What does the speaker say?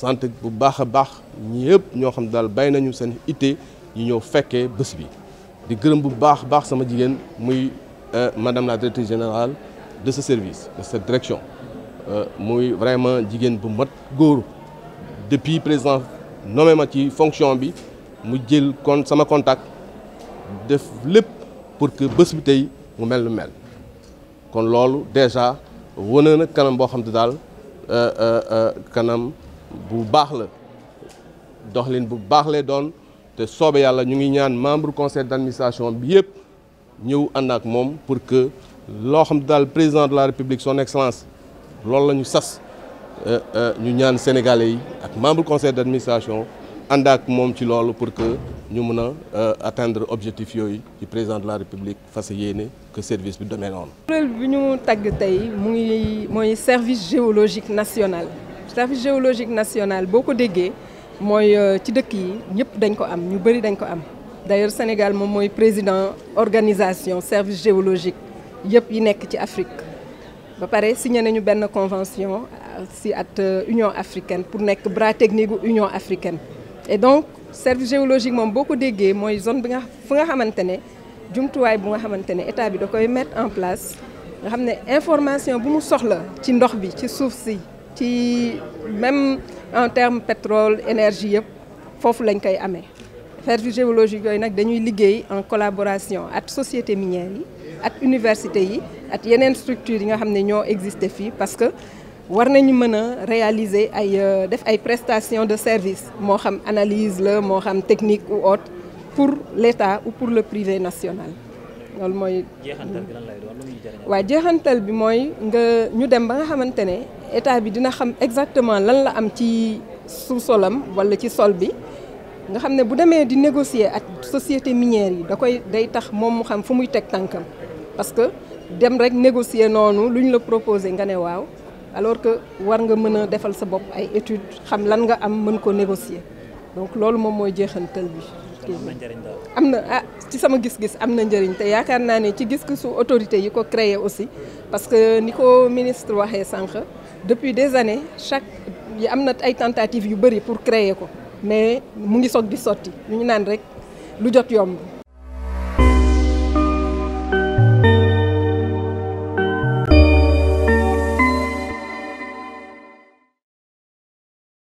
santé bu baax a baax ñëpp ñoo xam daal bàyyi nañu seen ité ñu ñëw fekkee bés bi di gërëm bu baax baax sama jigéen muy euh, madame la directrice générale de ce service de cette direction euh, muy vraiment jigéen bu mat góor depuis président nommé ma ci fonction bi mu jël kon sama contact def lépp pour que bés bi tey mu mel lu mel kon loolu déjà wane na kanam boo xam te daal euh, kanam bu baax la doxalin bu baax lay doon te soobe yàlla ñu ngi ñaan membre conseil d'administration bi yëpp ñëw ànd ak moom pour que loo xam daal président de la république son excellence loolu la ñu sas euh, euh, ñu ñaan sénégalais yi ak membre conseil d'administration ànd ak moom ci loolu pour que ñu mën a euh, atteindre objectif yooyu ci président de la république fas yéene que service bi demee noonu. kuréel bi ñu tagg tey mu ngi mooy service géologique national service géologique national beaucoup dégué moy euh, ci dëkk yi ñëpp dañ ko am ñu bari dañ ko am d'ailleurs Sénégal mom moy président organisation service géologique yëpp yi nekk ci Afrique ba paré signé nañu ben convention si at euh, Union africaine pour nekk bras technique Union africaine et donc service géologique mom beaucoup dégué moy zone bi nga fu nga xamante jumtuwaay bu nga xamantene état bi da koy mettre en place nga xamné information bu mu soxla ci ndox bi ci suuf si même en de pétrole énergie faut fofu lañ koy amé. service géologique yoy nak dañuy liggéey en collaboration avec société sociétés minières, les universités yi structures qui existent xamné parce que war nañu réaliser euh, des prestations de services, mo xam analyse la technique ou autre pour l'État ou pour le privé national loolu moy jeexantal bi lan lay doon lu muy jëriñ. waaw jeexantal bi moy nga ñu dem ba nga xamantene état bi dina xam exactement lan la am ci sous-solam wala ci sol bi nga xamne bu démé di négocier ak société minière yi da koy day tax mom mu xam fu muy tek tankam parce que dem rek négocier noonu luñ ñu la proposé nga né waw alors que war nga mëna défal sa bop ay études xam lan nga am mën ko négocier donc loolu mom moy jeexantal bi am na ah ci sama gis-gis am na njëriñ te yaakaar naa ne ci gis-gisu autorité yi ko aussi parce que ni ministre waxee sànq depuis des années chaque yi am na ay tentatives yu bëri pour créer ko mais mu ngi soog di sotti ñu naan rek lu jot yomb